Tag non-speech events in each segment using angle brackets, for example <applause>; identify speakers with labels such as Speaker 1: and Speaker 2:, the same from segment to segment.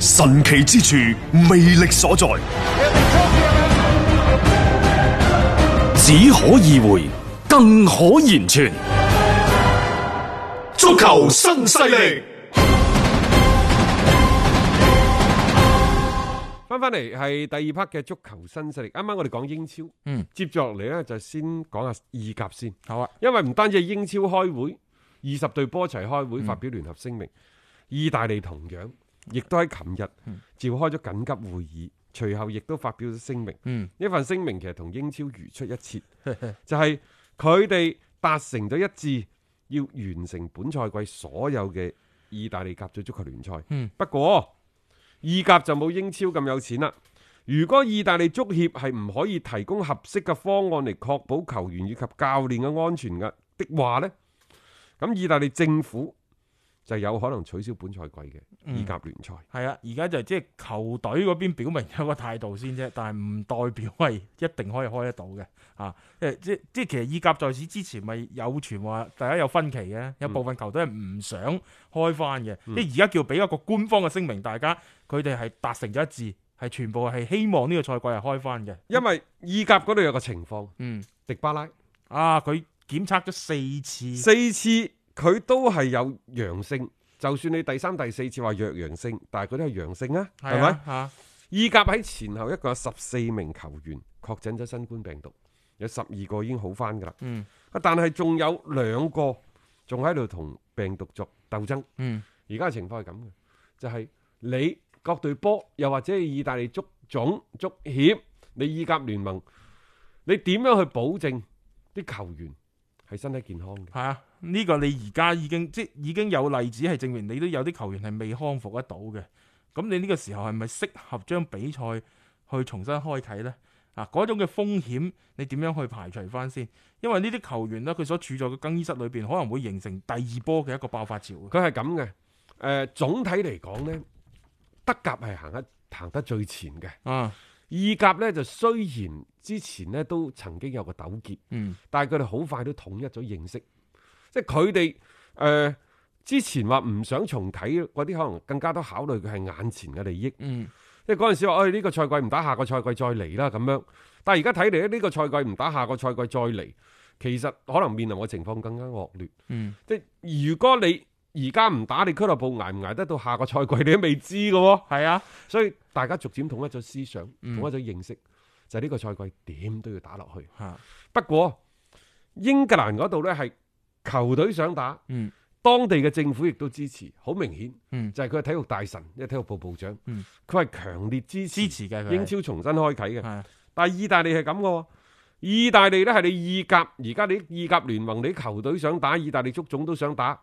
Speaker 1: 神奇之處，魅力所在，只可意會，更可言傳。
Speaker 2: 足球新勢力
Speaker 1: 翻翻嚟係第二 part 嘅足球新勢力。啱啱我哋講英超，嗯，接住落嚟咧就先講下意甲先。好啊，因為唔單止英超開會，二十隊波齊開會發表聯合聲明，嗯、意大利同樣。亦都喺琴日召開咗緊急會議，隨後亦都發表咗聲明。嗯、呢份聲明其實同英超如出一轍，就係佢哋達成咗一致，要完成本賽季所有嘅意大利甲組足球聯賽。嗯、不過意甲就冇英超咁有錢啦。如果意大利足協係唔可以提供合適嘅方案嚟確保球員以及教練嘅安全嘅的話呢，咁意大利政府，就有可能取消本賽季嘅意甲聯賽。
Speaker 2: 嗯。係啊，而家就即係球隊嗰邊表明咗個態度先啫，但係唔代表係一定可以開得到嘅。啊，即係即即係其實意甲在此之前咪有傳話，大家有分歧嘅，有部分球隊係唔想開翻嘅。即係而家叫俾一個官方嘅聲明，大家佢哋係達成咗一致，係全部係希望呢個賽季係開翻嘅。因
Speaker 1: 為意甲嗰度有個情況嗯、嗯，迪巴拉啊，佢檢測咗四次，四次。佢都係有陽性，就算你第三、第四次話弱陽性，但係佢都係陽性啊，係咪嚇？意甲喺前後一共有十四名球員確診咗新冠病毒，有十二個已經好返㗎喇。嗯，啊，但係仲有兩個仲喺度同病毒作鬥爭。嗯，而家嘅情況係咁嘅，就係你各隊波，又或者意大利足總、足協，你意甲聯盟，你點樣去保證啲球員係身體健康嘅？係
Speaker 2: 啊。呢個你而家已經即已經有例子係證明，你都有啲球員係未康復得到嘅。咁你呢個時候係咪適合將比賽去重新開啓呢？嗱、啊，嗰種嘅風險你點樣去排除翻先？因為呢啲球員呢，佢所處在嘅更衣室裏邊，可能會形成第二波嘅一個爆發潮。佢係咁嘅。誒、呃，總體嚟講呢，
Speaker 1: 德甲係行得行得最前嘅。啊，意甲呢，就雖然之前呢都曾經有個糾結，嗯，但係佢哋好快都統一咗認識。即係佢哋誒，之前話唔想重啟嗰啲，可能更加多考慮嘅係眼前嘅利益。嗯，即係嗰陣時話，哎呢個賽季唔打，下個賽季再嚟啦咁樣。但係而家睇嚟，呢個賽季唔打，下個賽季再嚟，其實可能面臨嘅情況更加惡劣。嗯，即係如果你而家唔打，你俱樂部挨唔挨得到下個賽季，你都未知噶喎。係啊，所以大家逐漸統一咗思想，嗯、統一咗認識，就係呢個賽季點都要打落去。吓、啊，不過英格蘭嗰度咧係。球隊想打，當地嘅政府亦都支持，好明顯，就係佢嘅體育大臣，即係體育部部長，佢係強烈支持嘅英超重新開啟嘅。但係意大利係咁嘅，意大利咧係你意甲，而家你意甲聯盟你球隊想打，意大利足總都想打，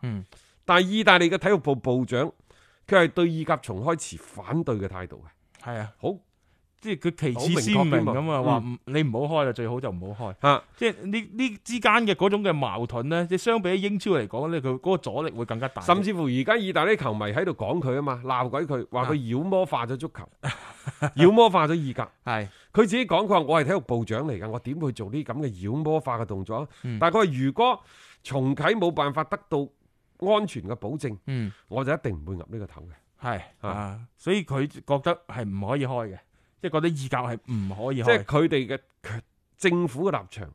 Speaker 1: 但係意大利嘅體育部部長佢係對意甲重開持反對嘅態度嘅，係啊，好。即係佢其次先明咁啊，話唔
Speaker 2: 你唔好開啦，最好就唔好開。吓，即係呢呢之間嘅嗰種嘅矛盾咧，即係相
Speaker 1: 比起英超嚟講咧，佢嗰個阻力會更加大。甚至乎而家意大利球迷喺度講佢啊嘛，鬧鬼佢，話佢妖魔化咗足球，妖魔化咗意甲。係佢自己講佢話，我係體育部長嚟噶，我點會做呢咁嘅妖魔化嘅動作？但係佢話如果重啟冇辦法得到安全嘅保證，嗯，我就一定唔會岌呢個頭嘅。係啊，所以佢覺得係唔可以開嘅。即係覺得意甲係唔可以開的，即係佢哋
Speaker 2: 嘅，即係佢哋嘅政府嘅立場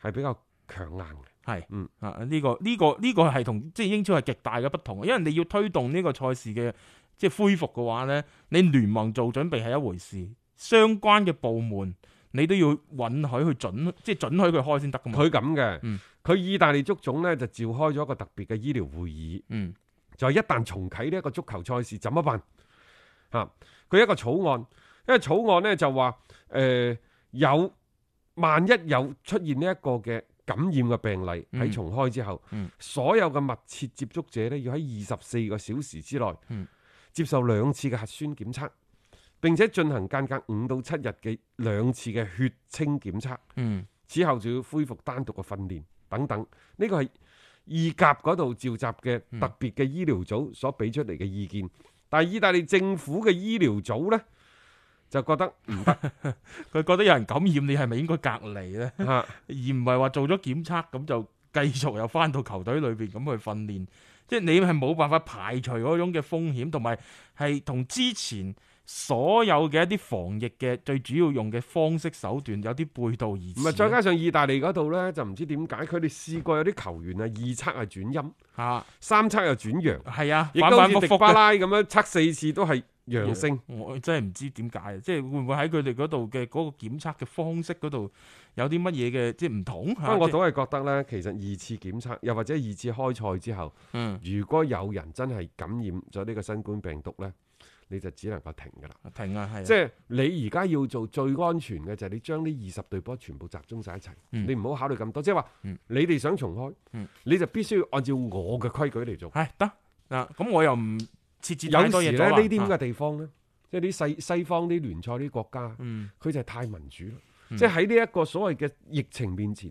Speaker 2: 係比較強硬嘅。嗯，係嗯，啊呢個呢，呢個呢，呢個係同即係英超係極大嘅不同，因為你要推動呢個賽事嘅即係恢復嘅話咧，你聯盟做準備係一回事，相關嘅部門你
Speaker 1: 都要允許去準，即係準許佢開先得噶嘛，佢咁嘅，佢，嗯，意大利足總咧就召開咗一個特別嘅醫療會議，嗯、就係一旦重啟呢一個足球賽事怎麼辦？啊，佢一個草案。因為草案呢，就、呃、話，誒有萬一有出現呢一個嘅感染嘅病例喺重開之後，嗯嗯、所有嘅密切接觸者呢，要喺二十四個小時之內接受兩次嘅核酸檢測，並且進行間隔五到七日嘅兩次嘅血清檢測，嗯、此後就要恢復單獨嘅訓練等等。呢個係意甲嗰度召集嘅特別嘅醫療組所俾出嚟嘅意見，但係意大利政府嘅醫療組呢。就覺得佢 <laughs> 覺得有人感
Speaker 2: 染，你係咪應該隔離咧？啊、而唔係話做咗檢測咁就繼續又翻到球隊裏邊咁去訓練，即、就、係、是、你係冇辦法排除嗰種嘅風險，同埋係同之前所有嘅一啲防疫嘅最主要用嘅方式手段有啲背道而
Speaker 1: 馳。唔係，再加上意大利嗰度咧，就唔知點解佢哋試過有啲球員啊，二測係轉陰，嚇、啊、三測又轉陽，係啊，反反係迪巴拉
Speaker 2: 咁樣測四次都係陽性，讓我真係唔知點解，即係會唔會喺佢哋嗰度嘅嗰個檢測嘅方
Speaker 1: 式嗰度有啲乜嘢嘅即係唔同。不過我倒係覺得咧，其實二次檢測，又或者二次開賽之後，嗯、如果有人真係感染咗呢個新冠病毒咧，你就只能夠停噶啦，停啊係。即係你而家要做最安全嘅就係你將呢二十隊波全部集中晒一齊，嗯、你唔好考慮咁多，即係話，你哋想重開，嗯、你就必須要按照我嘅規矩嚟做，係得嗱，咁、嗯、我又唔。有時咧，呢啲咁嘅地方咧，即係啲西西方啲聯賽啲國家，佢就係太民主，即係喺呢一個所謂嘅疫情面前，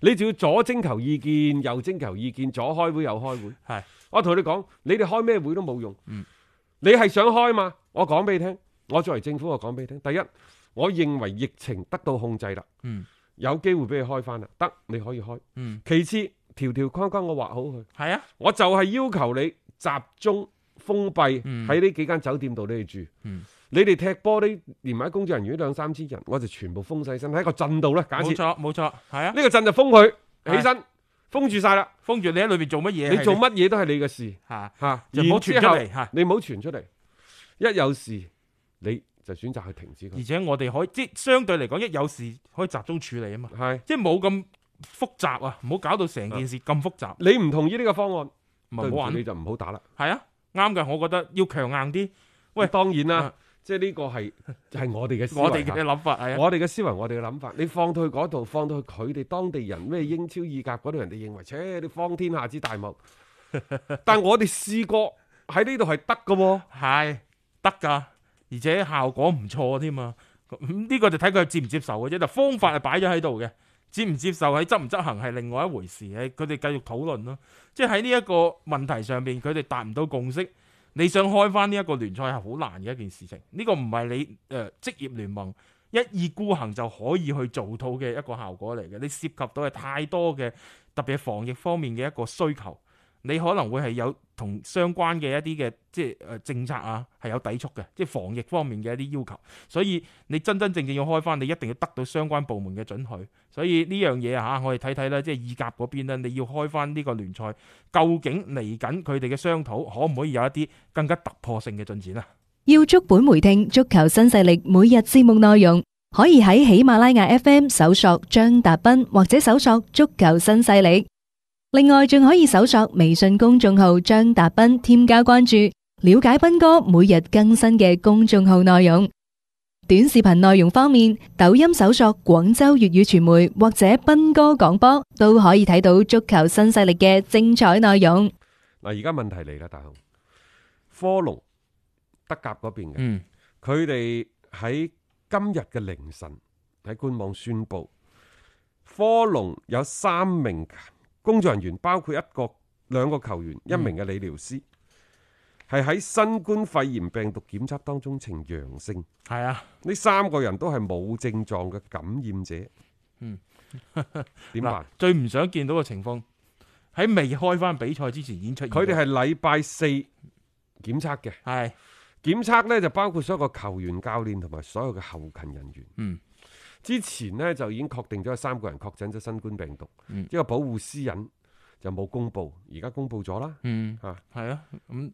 Speaker 1: 你就要左徵求意見，右徵求意見，左開會右開會。係，我同你講，你哋開咩會都冇用。你係想開嘛？我講俾你聽，我作為政府，我講俾你聽。第一，我認為疫情得到控制啦，有機會俾你開翻啦，得你可以開。其次，條條框框我畫好佢。係啊，我就係要求你集中。封閉喺呢幾間酒店度你哋住，你哋踢波啲連埋工作人員兩三千人，我就全部封晒身喺個鎮度咧。假設冇錯，冇錯，係啊，呢個鎮就封佢起身，封住晒啦，
Speaker 2: 封住你喺裏邊做乜嘢，你做乜
Speaker 1: 嘢都係你嘅事，吓吓，就唔好傳出嚟，吓，你唔好傳出嚟。一有事你就選擇去停
Speaker 2: 止佢。而且我哋可以，即相對嚟講，一有事可以集中處理啊嘛。係，即係冇咁複雜啊，唔好搞到成件事咁複雜。
Speaker 1: 你唔同意呢個方案，唔好你就唔好打啦。
Speaker 2: 係啊。啱嘅，我覺得要強硬啲。
Speaker 1: 喂，當然啦，的即係呢個係係、就是、我哋嘅， <laughs> 我哋嘅諗法係，的我哋嘅思維，我哋嘅諗法。你放到去嗰度，放到去佢哋當地人咩英超意甲嗰度，人哋認為，切你方天下之大目， <laughs> 但我哋試過喺呢度係得㗎喎，係
Speaker 2: 得㗎，而且效果唔錯添嘛。咁、嗯、呢、呢個就睇佢接唔接受嘅啫，就方法係擺咗喺度嘅。接唔接受喺執唔執行係另外一回事，係佢哋繼續討論咯。即係喺呢一個問題上面，佢哋達唔到共識，你想開翻呢一個聯賽係好難嘅一件事情。呢個唔係你呃、職業聯盟一意孤行就可以去做到嘅一個效果嚟嘅。你涉及到係太多嘅，特別係防疫方面嘅一個需求。你可能會係有同相關嘅一啲嘅即係誒政策啊，係有抵觸嘅，即係防疫方面嘅一啲要求。所以你真真正正要開返，你一定要得到相關部門嘅準許。所以呢樣嘢吓，我哋睇睇啦，即係意甲嗰邊啦，你要開返呢個聯賽，究竟嚟緊佢哋嘅商討可唔可以有一啲更加突破性嘅進展
Speaker 3: 啊？
Speaker 1: 要足本回聽足球新勢力每日節目內容，可以喺喜馬拉雅 FM 搜索張達斌，或者搜索足球新勢力。另外，仲可以搜索微信公眾號張達斌，添加關注，了解斌哥每日更新嘅公眾號內容。短視頻內容方面，抖音搜索廣州粵語傳媒或者斌哥廣播，都可以睇到足球新勢力嘅精彩內容。嗱，而家問題嚟啦，大雄，科隆德甲嗰邊嘅，嗯，佢哋喺今日嘅凌晨喺官網宣布，科隆有三名。工作人員包括一個、兩個球員、一名嘅理療師，係喺、嗯、新冠肺炎病毒檢測當中呈陽性。係啊，呢三個人都係冇症狀嘅感染者。
Speaker 2: 嗯，
Speaker 1: 點 <laughs> 啊？最唔想
Speaker 2: 見到嘅情況喺
Speaker 1: 未開翻比賽之前已經出現。佢哋係禮拜四檢測嘅。係是檢測呢就包括所有嘅球員、教練同埋所有嘅後勤人員。嗯。之前呢，就已經確定咗有三個人確診咗新冠病毒，呢、嗯、個保護私隱就冇公佈，而家公佈咗啦。嚇、嗯，係啊，咁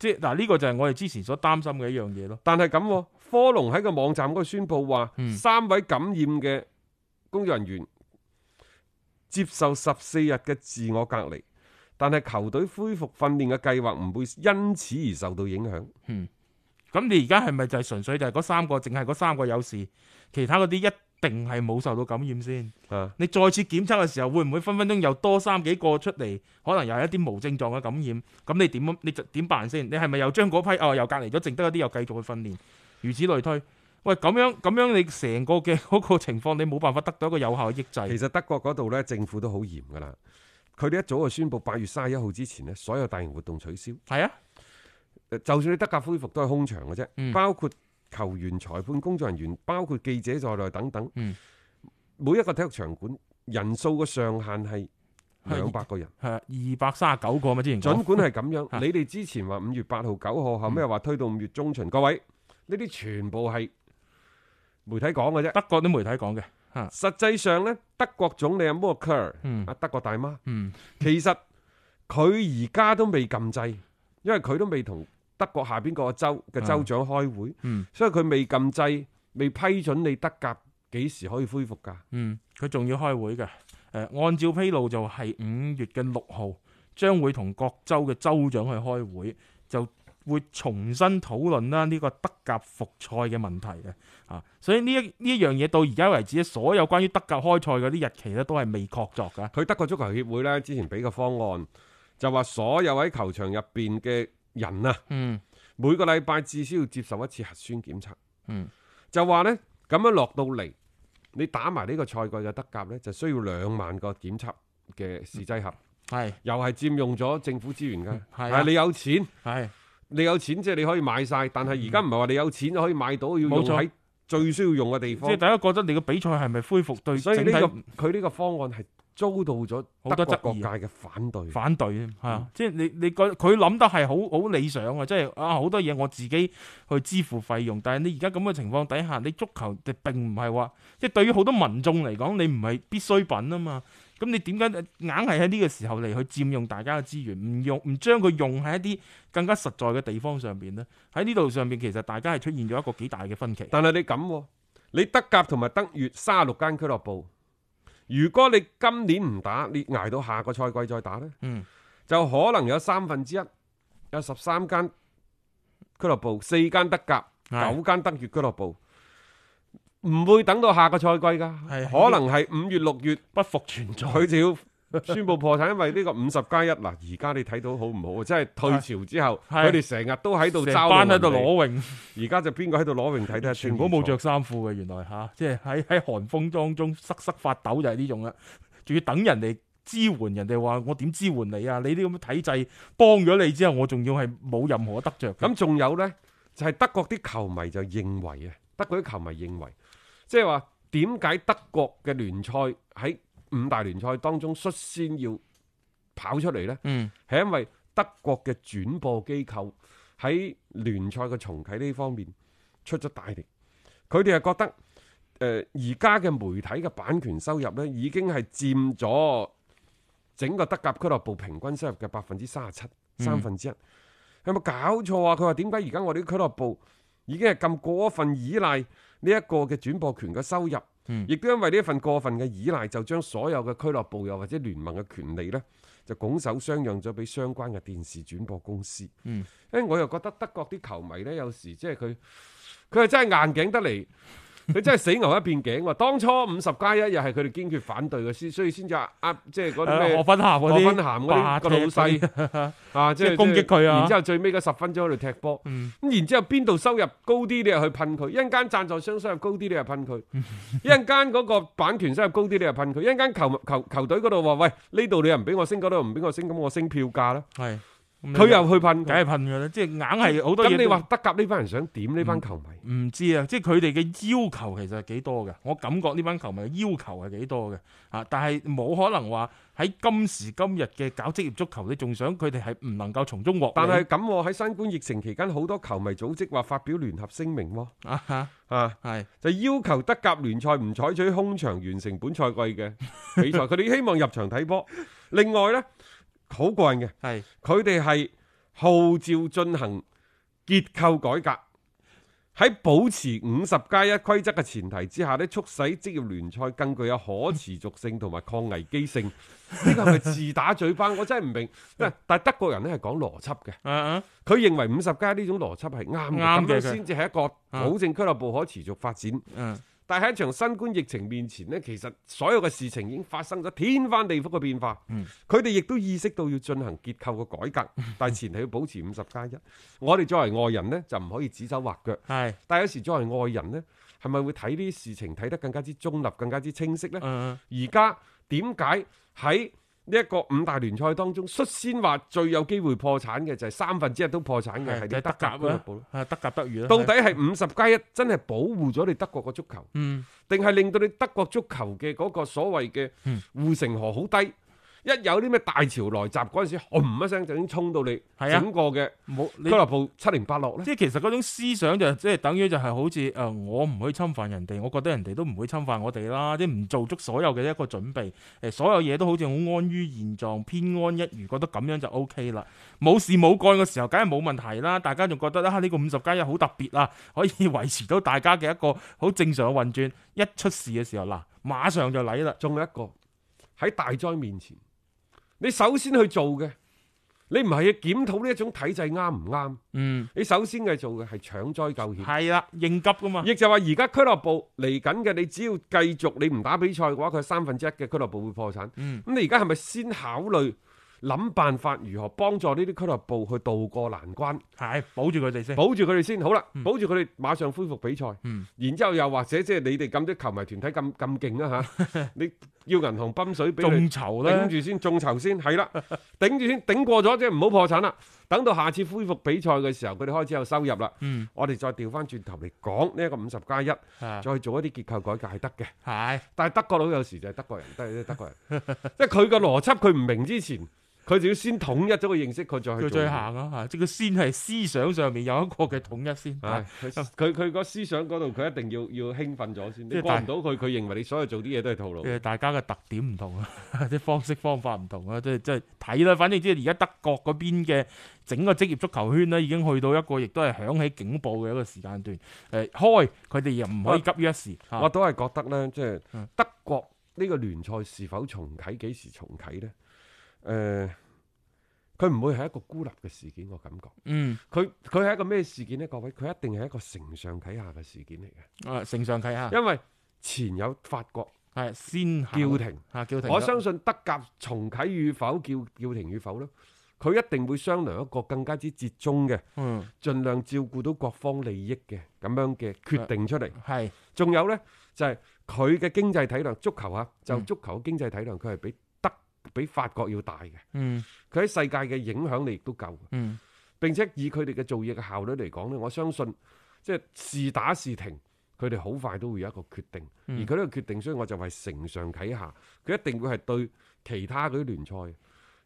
Speaker 1: 即係嗱呢個就係我哋之前所擔心嘅一樣嘢咯。但係咁，科隆喺個網站嗰度宣佈話，嗯、三位感染嘅工作人員接受十四日嘅自我隔離，但係球隊恢復訓練嘅計劃唔會因此而受到影響。嗯。
Speaker 2: 咁你而家係咪就係純粹就係嗰三個，淨係嗰三個有事，其他嗰啲一定係冇受到感染先？誒、啊，你再次檢測嘅時候，會唔會分分鐘又多三幾個出嚟？可能又係一啲無症狀嘅感染。咁你點？你點辦先？你係咪又將嗰批哦又隔離咗，剩得嗰啲又繼續去訓練？如此類推。喂，咁樣咁樣，樣你成個嘅嗰個情
Speaker 1: 況，你冇辦法得到一個有效嘅抑制。其實德國嗰度呢，政府都好嚴噶啦。佢哋一早就宣佈八月三十一號之前呢，所有大型活動取消。係啊。就算你德甲恢復都係空場嘅啫，包括球員、裁判、工作人員，包括記者在內等等。嗯、每一個體育場館人數嘅上限係兩百個人，係二百三十九個嘛。咪之前。儘管係咁樣，啊、你哋之前話五月八號、九號，後尾又話推到五月中旬，各位呢啲全部係媒體講嘅啫。德國啲媒體講嘅，吓、啊，實際上呢，德國總理阿默克爾，嗯，阿德國大媽，嗯，其實佢而家都未禁制，因為佢都未同。德國下邊個州嘅州長開會，嗯、所以佢未禁制，未批准你德甲幾時
Speaker 2: 可以恢復噶？嗯，佢仲要開會嘅。誒，按照披露就係五月嘅六號，將會同各州嘅州長去開會，就會重新討論啦呢個德甲複賽嘅問題嘅。啊，所以呢一呢一樣嘢到而家為止，
Speaker 1: 所有關於德甲開賽嗰啲日期咧都係未確鑿嘅。佢德國足球協會呢，之前俾個方案就話所有喺球場入邊嘅。人啊，嗯、每個禮拜至少要接受一次核酸檢測，嗯、就話咧咁樣落到嚟，你打埋呢個賽季嘅德甲咧，就需要兩萬個檢測嘅試劑盒，係、嗯、又係佔用咗政府資源㗎。係、啊、你有錢，係是你有錢，即係你可以買晒。但係而家唔係話你有錢就可以買到，要用喺最需要用嘅地方。即係錯大家覺得你個比賽係咪恢復對？所以呢、呢個佢呢個方案係。遭到咗好多德國各界嘅反對，反對啊，係啊，
Speaker 2: 即係你你覺得佢諗得係好好理想啊，即係啊好多嘢我自己去支付費用，但係你而家咁嘅情況底下，你足球並唔係話，即係對於好多民眾嚟講，你唔係必需品啊嘛，咁你點解硬係喺呢個時候嚟去佔用大家嘅資源，唔用唔將佢用喺一啲更加實在嘅地方上邊呢？喺呢
Speaker 1: 度上邊，其實大家係出現咗一個幾大嘅分歧。但係你咁啊，你德甲同埋德乙三十六間俱樂部。如果你今年唔打，你捱到下個賽季再打呢，嗯，就可能有三分之一，有十三間俱樂部，四間德甲，九間德乙俱樂部，唔會等到下個賽季噶，可能係五月，六月不復存在，只要。宣布破產，因為呢個五十加一嗱，而家你睇到好唔好？即係退潮之後，佢哋成日都喺度拋，喺度裸泳。而家就邊個喺度裸泳睇睇？全部冇着衫褲嘅，原來嚇，
Speaker 2: 即係喺喺寒風當中瑟瑟發抖就係呢種啦。仲要等人哋支援人，人哋話我點支
Speaker 1: 援你啊？你呢咁嘅體制幫咗你之後，我仲要係冇任何得着。咁仲有咧，就係德國啲球迷就認為啊，德國啲球迷認為，即係話點解德國嘅聯賽喺？五大聯賽當中率先要跑出嚟呢，係因為德國嘅轉播機構喺聯賽嘅重啟呢方面出咗大力，佢哋係覺得，誒而家嘅媒體嘅版權收入呢，已經係佔咗整個德甲俱樂部平均收入嘅百分之三十七，三分之一。有冇搞錯啊？佢話點解而家我哋俱樂部已經係咁過分依賴呢一個嘅轉播權嘅收入？嗯，亦都因為呢一份過分嘅依賴，就將所有嘅俱樂部又或者聯盟嘅權利呢，就拱手相讓咗俾相關嘅電視轉播公司。嗯，誒，我又覺得德國啲球迷呢，有時即係佢，佢係真係硬頸得嚟。佢真係死牛一片頸喎，當初五十加一又係佢哋堅決反對嘅，先所以先至壓即係嗰啲咩過分鹹嗰啲，分哇踢個老細啊即係攻擊佢啊，即係、啊然之後最尾嘅十分鐘喺度踢波，咁、嗯、然之後邊度收入高啲，你又去噴佢，一陣間贊助商收入高啲，你又噴佢，一陣間嗰個版權收入高啲，你又噴佢，一陣間球球球，球隊嗰度話喂，呢度你又唔俾我升，嗰度唔俾我升，咁我，我升票價啦。佢又去噴，梗係噴咗啦！即係硬係好多嘢。咁你話德甲呢班人想點呢班球迷？唔知啊，即係佢哋嘅要求其實係幾多嘅。我感覺呢班
Speaker 2: 球迷嘅要求係幾多嘅啊！但係冇可能話喺今時今日嘅搞職業足球，你仲想佢哋係唔能夠從中獲？
Speaker 1: 但係咁喎，喺新冠疫情期間，好多球迷組織話發表聯合聲明喎。啊吓啊係，就要求德甲聯賽唔採取空場完成本賽季嘅比賽，佢哋希望入場睇波。另外咧。好過癮嘅，係佢哋係號召進行結構改革，喺保持五十加一規則嘅前提之下，呢促使職業聯賽更具有可持續性同埋抗危機性。呢個係咪自打嘴巴？我真係唔明。但係德國人呢係講邏輯嘅，佢認為五十加呢種邏輯係啱嘅，咁確樣先至係一個保證俱樂部可持續發展。但喺一場新冠疫情面前呢，其實所有嘅事情已經發生咗天翻地覆嘅變化。佢哋亦都意識到要進行結構嘅改革，但係前提要保持五十加一。 <laughs> 我哋作為外人呢，就唔可以指手畫腳。係是，但係有時作為外人呢，係咪會睇啲事情睇得更加之中立、更加之清晰呢？而家點解喺？呢一個五大聯賽當中率先話最有機會破產嘅就係三分之一都破產嘅係啲德甲啦，德甲德語啦。到底係五十加一真係保護咗你德國個足球，定係、嗯、令到你德國足球嘅嗰個所謂嘅護城河好低？嗯一有啲咩大潮來襲嗰陣時，轟一聲就已經衝到你，整個嘅俱樂部七零八落咧。即係其實嗰
Speaker 2: 種思想就即係等於就係好似誒、呃、我唔去侵犯人哋，我覺得人哋都唔會侵犯我哋啦。即係唔做足所有嘅一個準備，誒、呃、所有嘢都好似好安於現狀，偏安一隅，覺得咁樣就 O K 啦。冇事冇幹嘅時候，梗係冇問題啦。大家仲覺得嚇、啊呢個五十加一好特別啊，可以維持到大家嘅一個好正常嘅運轉。一出事嘅時候嗱，
Speaker 1: 馬上就嚟啦，仲有一個喺大災面前。你首先去做嘅，你唔係要檢討呢一種體制啱唔啱？嗯，你首先去做嘅係搶災救險，係啦，應急噶嘛。亦就話而家俱樂部嚟緊嘅，你只要繼續你唔打比賽嘅話，佢係三分之一嘅俱樂部會破產。嗯，咁你而家係咪先考慮？諗辦法如何幫助呢啲俱樂部去渡過難關，係保住佢哋先，保住佢哋先，好啦，保住佢哋，馬上恢復比賽，嗯，然之後又或者即係你哋咁多球迷團體咁咁勁啦吓，你要銀行泵水俾佢，眾籌啦，頂住先，眾籌先，係啦，頂住先，頂過咗即係唔好破產啦，等到下次恢復比賽嘅時候，佢哋開始有收入啦，嗯，我哋再調翻轉頭嚟講呢一個五十加一，再做一啲結構改革係得嘅，係，但係德國佬有時就係德國人，都係啲德國人，即係佢個邏輯佢唔明之前。佢就要先統一咗個認識，佢再去做。再行咯、啊，即係佢先係思想上面有一個嘅統一先。佢佢佢個思想嗰度，佢一定要要興奮咗先。即係過唔到佢，佢認為你所有做啲嘢都係套路。
Speaker 2: 大家嘅特點唔同啊，啲方式方法唔同啊，即係即係睇啦。反正即係而家德國嗰邊嘅整個職業足球圈呢，已經去到一個亦都係響起警
Speaker 1: 報嘅一個時間段。誒、呃，開佢哋又唔可以急於一時。好是我都係覺得呢，即係德國呢個聯賽是否重啟，幾時重啟呢？誒，佢唔、呃、會係一個孤立嘅事件，我感覺。嗯，佢佢係一個咩事件呢？各位，佢一定係一個承上啟下嘅事件嚟嘅。啊，承上啟下。因為前有法國係先叫停。我相信德甲重啟與否叫叫停與否咧，佢一定會商量一個更加之折中嘅，嗯，盡量照顧到各方利益嘅咁樣嘅決定出嚟。係、啊。仲有呢，就係佢嘅經濟體量，足球啊，就足球嘅經濟體量，佢係比。比法國要大嘅，佢喺世界嘅影響力亦都夠，並且以佢哋嘅做嘢嘅效率嚟講咧，我相信即係事打事停，佢哋好快都會有一個決定，而佢呢個決定，所以我就係承上啟下，佢一定會係對其他嗰啲聯賽。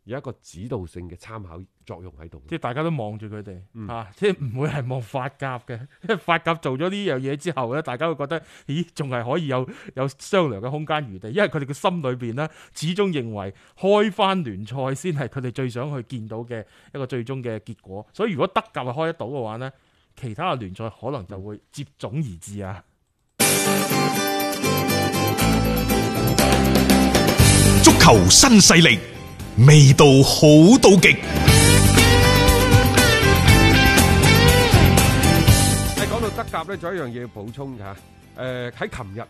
Speaker 1: 有一個指導性嘅參考作用喺度，即係大家都望住佢哋，吓、嗯啊，即係唔會係望法甲
Speaker 2: 嘅，因為法甲做咗呢樣嘢之後咧，大家會覺得，咦，仲係可以有有商量嘅空間餘地，因為佢哋嘅心裏邊咧，始終認為開翻聯賽先係佢哋最想去見到嘅一個最終嘅結果，所以如果德甲係開得到嘅話呢，其他嘅聯賽可能就會接踵而至啊！嗯、足球新勢力。味道好到極。
Speaker 1: 喺，講到德甲咧，仲有一樣嘢要補充嘅吓，誒喺琴日，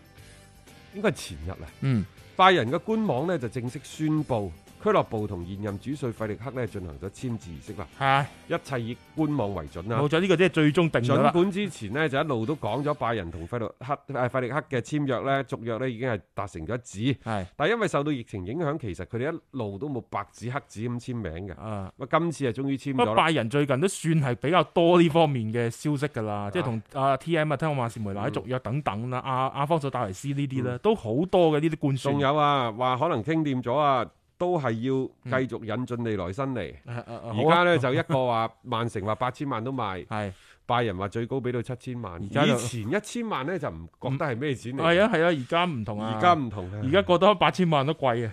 Speaker 1: 應該係前日啦。嗯，拜仁嘅官網咧就正式宣布。俱樂部同現任主帥費力克咧進行咗簽字儀式啦，一切以官網為準啦。冇咗呢個即係最終定論，儘管之前呢，就一路都講咗拜仁同費力克、費力克嘅簽約咧續約咧已經係達成咗一紙，但因為受到疫情影響，其實佢哋一路都冇白紙黑紙咁簽名嘅。啊，喂，今次係終於簽咗。咁拜仁最近都算係比較多呢方面嘅消息㗎啦，即係同
Speaker 2: 阿 T M 啊，聽我話是梅蘭喺續約等等啦，阿阿方索達維斯呢啲咧都好
Speaker 1: 多嘅呢啲灌傳。仲有啊，話可能傾掂咗啊。都係要繼續引進利來新嚟，
Speaker 3: 而家咧
Speaker 1: 就一個話曼城話八千萬都賣，拜仁話最高俾到七千萬。以前一千萬咧就唔覺得係咩錢嚟，係啊係啊，而家唔同啊，而家唔同啊，而
Speaker 2: 家覺得八千萬都貴啊。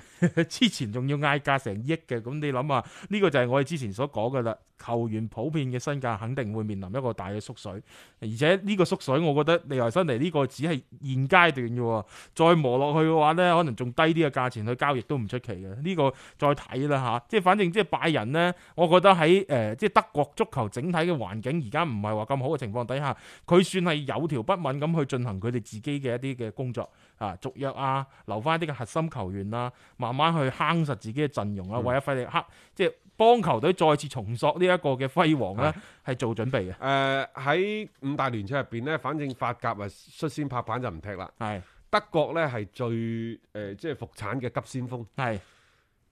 Speaker 2: 之前仲要嗌價成億嘅，咁你諗下，呢個就係我哋之前所講噶啦，球員普遍嘅身價肯定會面臨一個大嘅縮水，而且呢個縮水，我覺得利埋新嚟呢個只係現階段嘅喎，再磨落去嘅話呢，可能仲低啲嘅價錢去交易都唔出奇嘅，呢個再睇啦吓，即係反正即係拜仁呢，我覺得喺誒即係德國足球整體嘅環境而家唔係話咁好嘅情況底下，佢算係有條不紊咁去進行佢哋自己嘅一啲嘅工作。啊，續約啊，留翻啲嘅核心球員啦、啊，慢慢去夯實自己嘅陣容啊，嗯、為咗費力克，即係幫球隊再次重塑呢一個嘅輝煌啦，係、啊、做準備
Speaker 1: 嘅。誒喺、呃、五大聯賽入邊咧，反正法甲啊率先拍板就唔踢啦。係是德國咧係最誒，即、呃、係、就是、復產嘅急先鋒。係是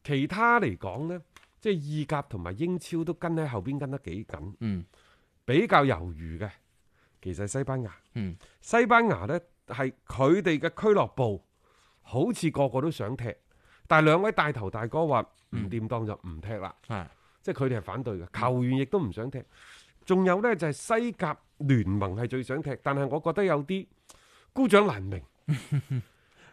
Speaker 1: 其他嚟講咧，即係意甲同埋英超都跟喺後邊跟得幾緊。嗯，比較猶豫嘅其實西班牙。嗯，西班牙咧。係佢哋嘅俱樂部，好似個個都想踢，但係兩位帶頭大哥話唔掂當就唔踢啦。係、嗯，即係佢哋係反對嘅，球員亦都唔想踢。仲有呢就係、是、西甲聯盟係最想踢，但係我覺得有啲孤掌難鳴嚇，
Speaker 2: 佢、嗯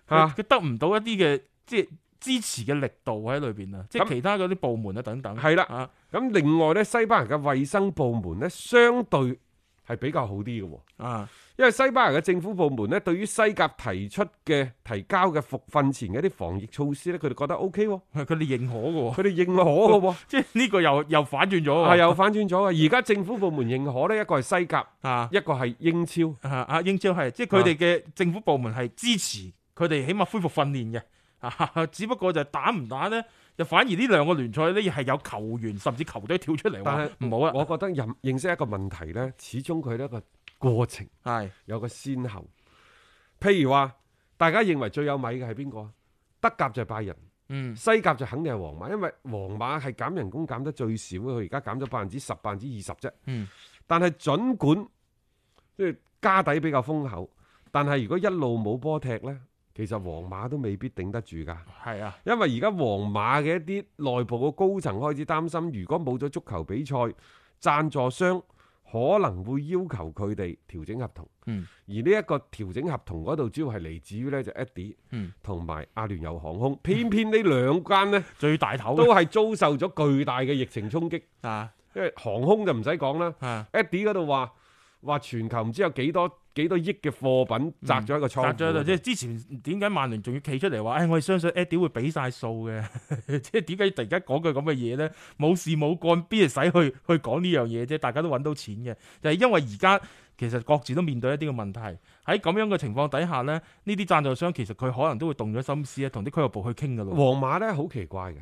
Speaker 2: 啊、得唔到一啲嘅即係支持嘅力度喺裏邊啊！那即係其他嗰啲部門啊等
Speaker 1: 等。係啦的，咁、啊、另外呢，西班牙嘅衞生部門呢，相對。係比較好啲嘅，啊，因為西班牙嘅政府部門咧，對於西甲提出嘅提交嘅復訓前嘅一啲防疫措施咧，佢哋覺得 OK，佢哋認可嘅，佢哋認可嘅，即係呢個又又反轉咗，係、啊、又反轉咗。而家政府部門認可咧，一個係西甲，啊，
Speaker 2: 一個係英超，啊，英超係即係佢哋嘅政府部門係支持佢哋起碼恢復訓練嘅，啊，只不過就係打唔打呢？又反而呢兩個聯賽呢，係有
Speaker 1: 球員甚至球隊跳出嚟。但係唔好啦，要我覺得認認識一個問題呢，始終佢一個過程係有個先後。是 譬如話，大家認為最有米嘅係邊個啊？德甲就係拜仁，嗯，西甲就肯定係皇馬，因為皇馬係減人工減得最少嘅，佢而家減咗百分之十、百分之二十啫，嗯。但係盡管即係家底比較豐厚，但係如果一路冇波踢呢。其實皇馬都未必頂得住噶，係啊，因為而家皇馬嘅一啲內部嘅高層開始擔心，如果冇咗足球比賽，贊助商可能會要求佢哋調整合同。嗯，而呢一個調整合同嗰度主要係嚟自於呢就 Eddie 同埋阿聯酋航空。偏偏呢兩間呢，最大頭都係遭受咗巨大嘅疫情衝擊。啊，因為航空就唔使講啦，Eddie 嗰度話話全球唔知有幾多，幾多億嘅貨品砸咗一個倉，嗯，砸咗啦！即係之前點解曼聯
Speaker 2: 仲要企出嚟話，誒、哎，我哋相信阿迪會俾晒數嘅， <laughs> 即係點解突然間講句咁嘅嘢咧？冇事冇乾，邊係使去去講呢樣嘢啫？大家都揾到錢嘅，就係、是、因為而家其實各自都面對一啲嘅問題。喺咁樣嘅情況底下咧，呢啲贊助商其實佢可能都
Speaker 1: 會動咗心思啊，同啲俱樂部去傾㗎喇。皇馬咧好奇怪嘅，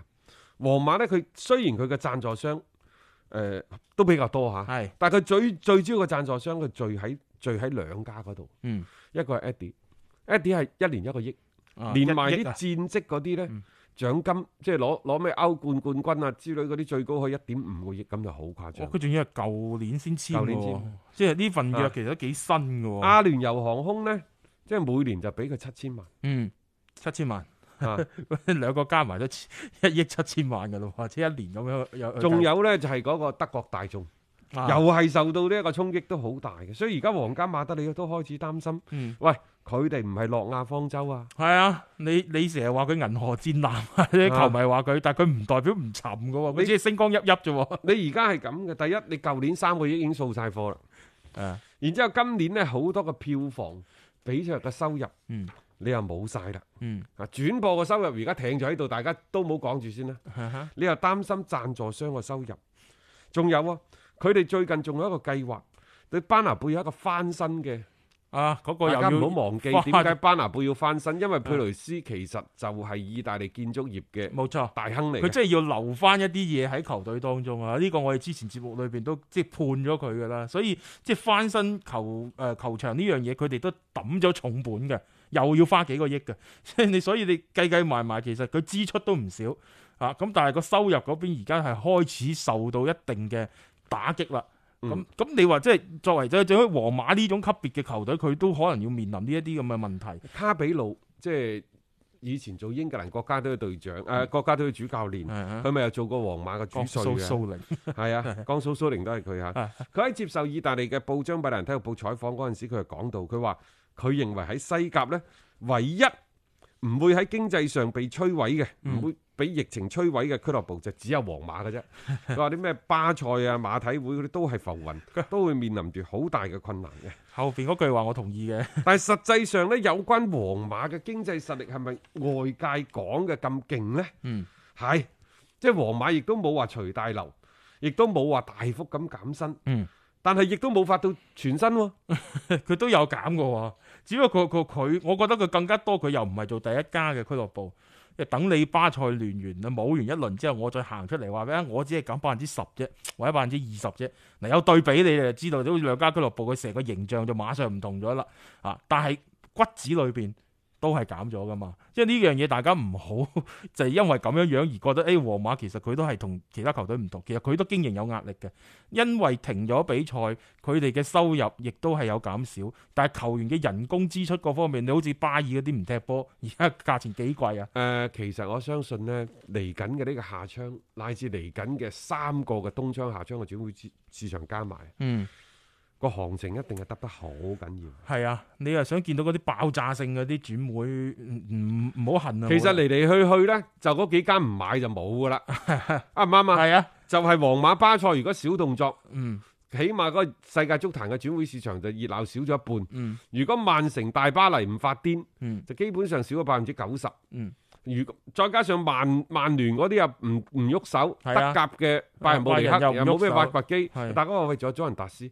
Speaker 1: 皇馬咧佢雖然佢嘅贊助商誒、呃、都比較多吓，係是的，但係佢最主要嘅贊助商佢聚喺。聚喺兩家嗰度，嗯、一個係 Adidas，Adidas 係一年一個億，連埋啲戰績嗰啲咧獎金，嗯、即係攞攞咩歐冠冠軍啊之類嗰啲，最高去一點五個億，咁就好誇張。佢仲、哦、要係
Speaker 2: 舊年先簽，即係呢份約
Speaker 1: 其實都幾新嘅喎。阿聯酋航空咧，即係每年就俾佢七千萬，
Speaker 2: 七千、嗯、萬、啊、 <laughs> 兩個加埋都一億七千萬嘅咯，或、就、者、是、一年咁樣
Speaker 1: 有。仲有咧就係、是、嗰個德國大眾。啊、又係受到呢一個衝擊都好大嘅，所以而家皇家馬德里都開始擔心。嗯、喂，佢哋唔係諾亞方舟啊？
Speaker 2: 係啊，你你成日話佢銀河戰艦 <laughs> 啊，啲球迷話佢，但係佢唔代表唔沉噶，你即係
Speaker 1: 星光熠熠啫。你而家係咁嘅，第一你舊年三個月已經掃晒貨啦，誒、啊，然之後今年咧好多嘅票房、比賽嘅收入，嗯，你又冇晒啦，
Speaker 3: 嗯，
Speaker 1: 啊，轉播嘅收入而家停咗喺度，大家都冇講住先啦。啊、哈你又擔心贊助商嘅收入，仲有啊？佢哋最近仲有一個計劃，對班拿貝有一個翻新嘅啊！嗰、那個又唔好忘記點解班拿貝要翻新，因為佩雷斯其實就係意大利建築業嘅，冇錯大亨嚟。佢真係要留翻一啲嘢喺
Speaker 2: 球隊當中啊！呢、這個我哋之前節目裏邊都即係判咗佢噶啦，所以即係、就是、翻新球誒、呃、球場呢樣嘢，佢哋都抌咗重本嘅，又要花幾個億嘅。即係你所以你計計埋埋，其實佢支出都唔少啊！咁但係個收入嗰邊而家係開始受到一定嘅打擊啦，咁咁、嗯、你話即係作為就最起皇馬呢種級別嘅球隊，佢都可能要面臨呢一啲咁嘅問題。
Speaker 1: 卡比魯即係以前做英格蘭國家隊嘅隊長，嗯啊、國家隊嘅主教練，佢咪、啊、有做過皇馬嘅主帥。蘇蘇啊？江蘇蘇寧係啊，江蘇蘇寧都係佢啊。佢喺接受意大利嘅《報章米蘭體育報》採訪嗰陣時，佢係講到佢話，佢認為喺西甲咧，唯一唔會喺經濟上被摧毀嘅，唔、嗯俾疫情摧毀嘅俱樂部就只有皇馬嘅啫。佢話啲咩巴塞啊、馬體會嗰啲都係浮雲，都會面臨住好大嘅困難嘅。後邊嗰句話我同意嘅。但係實際上咧，有關皇馬嘅經濟實力係咪外界講嘅咁勁咧？嗯，係，即係皇馬亦都冇話隨大流，亦都冇話大幅咁減薪。嗯，但係亦都冇發到全身喎，佢、嗯、都有減嘅喎。只不過佢佢佢，我覺得佢更加多，佢又唔係做第
Speaker 2: 一家嘅俱樂部。等你巴塞聯完、冇完一輪之後，我再行出嚟話畀你聽，我只係減百分之十啫，或者百分之二十啫。嗱，有對比你哋就知道，呢個兩家俱樂部嘅成個形象就馬上唔同咗啦。嚇！但係骨子裏邊。都係減咗噶嘛？即係呢樣嘢大家唔好就係、是、因為咁樣樣而覺得，誒、哎、皇馬其實佢都係同其他球隊唔同，其實佢都經營有壓力嘅。因為停咗比賽，佢哋嘅收入亦都係有減少。但係球員嘅人工支出各方面，你好似巴爾嗰啲唔踢波，而家價錢幾貴啊？誒、
Speaker 1: 呃，其實我相信呢，嚟緊嘅呢個夏窗，乃至嚟緊嘅三個嘅冬窗下、夏窗嘅轉會市市場加埋。嗯。個行情一定係得得好緊要，
Speaker 2: 係啊！你又想見到嗰啲爆炸性嗰啲轉會，唔唔好恨啊！其實嚟
Speaker 1: 嚟去去咧，就嗰幾間唔買就冇噶啦，啱唔啱啊？係啊，就係皇馬、巴塞，如果小動作，嗯，起碼個世界足壇嘅轉會市場就熱鬧少咗一半。嗯，如果曼城、大巴黎唔發癲，嗯，就基本上少咗百分之九十。
Speaker 3: 嗯，
Speaker 1: 如再加上曼曼聯嗰啲又唔唔喐手，德甲嘅拜仁慕尼黑又冇咩挖掘機，但係嗰個位仲有佐仁達斯。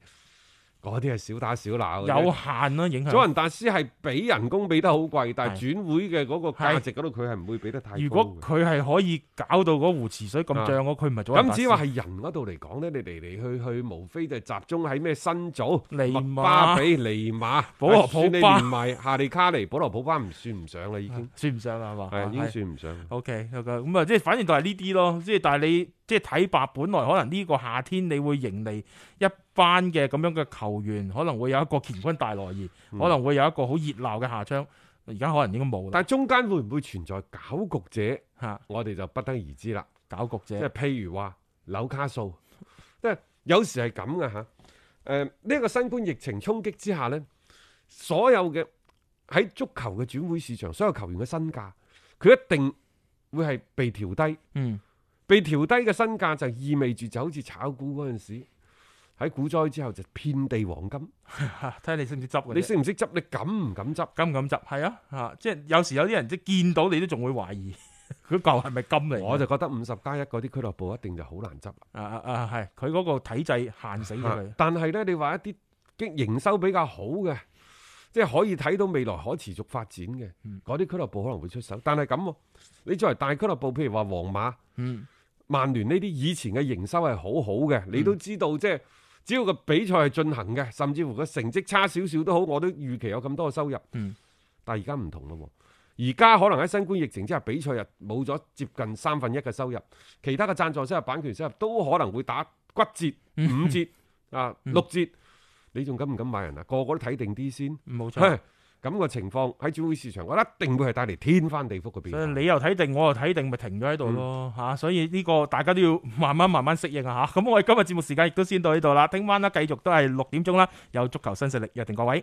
Speaker 1: 嗰啲係小打小鬧，有限咯影響。祖雲達斯係俾人工俾得好貴，但係轉會嘅嗰個價值嗰度，佢係唔會俾得太。如果
Speaker 2: 佢係可以搞到嗰湖池水咁漲，我佢唔係祖雲達斯咁，只係話
Speaker 1: 係人嗰度嚟講咧，你嚟嚟去去，無非就係集中喺咩新組。尼馬、麥巴比、尼馬、保羅普巴，唔係夏利卡尼、保羅普巴唔算唔上啦，已經
Speaker 2: 算唔上啦，係嘛？係已經算唔上。OK，好嘅，咁啊，即係反正都係呢啲咯。即係但係你即係睇白，本來可能呢個夏天你會盈利。一班嘅咁樣嘅球員，可能會有一個乾坤大挪移，嗯、可能會有一個好熱鬧嘅下場。而家可能應該冇啦，但係
Speaker 1: 中間會唔會存在攪局者？吓哈，我哋就不得而知啦。攪局者即係譬如話紐卡素，即係有時係咁嘅吓。誒、啊、呢、呃這個新冠疫情衝擊之下咧，所有嘅喺足球嘅轉會市場，所有球員嘅身價，佢一定會係被調低。嗯，被調低嘅身價就意味住就好似炒股嗰陣時。喺股災之後就遍地黃金，
Speaker 2: 睇下 <laughs> 你識唔識執？你識唔識
Speaker 1: 執？你敢唔敢執？敢唔敢執？係啊，吓、啊啊，即係有時有啲人即係見到你都仲會懷疑佢嚿係咪金嚟？我就覺得五十加一嗰啲俱樂部一定就好難執啊啊啊，係佢嗰個體制限死佢、啊。但係咧，你話一啲經營收比較好嘅，即、就、係、是、可以睇到未來可持續發展嘅，嗰啲、嗯、俱樂部可能會出手。但係咁，你作為大俱樂部，譬如話皇馬、嗯、曼聯呢啲以前嘅營收係好好嘅，你都知道即係。嗯只要個比賽係進行嘅，甚至乎個成績差少少都好，我都預期有咁多嘅收入。
Speaker 3: 嗯，
Speaker 1: 但係而家唔同咯，而家可能喺新冠疫情之後，比賽日冇咗接近三分一嘅收入，其他嘅贊助收入、版權收入都可能會打骨折、嗯、五折、嗯、啊、嗯、六折，你仲敢唔敢買人啊？個個都睇定啲先。冇錯。咁個情況喺主會市場，我覺得一定會係帶嚟天翻地覆嘅變化。
Speaker 2: 你又睇定，我又睇定，咪停咗喺度咯吓。所以呢個大家都要慢慢慢慢適應啊吓。咁我哋今日節目時間亦都先到呢度啦。聽晚啦，繼續都係六點鐘啦，有足球新勢力，約定各位。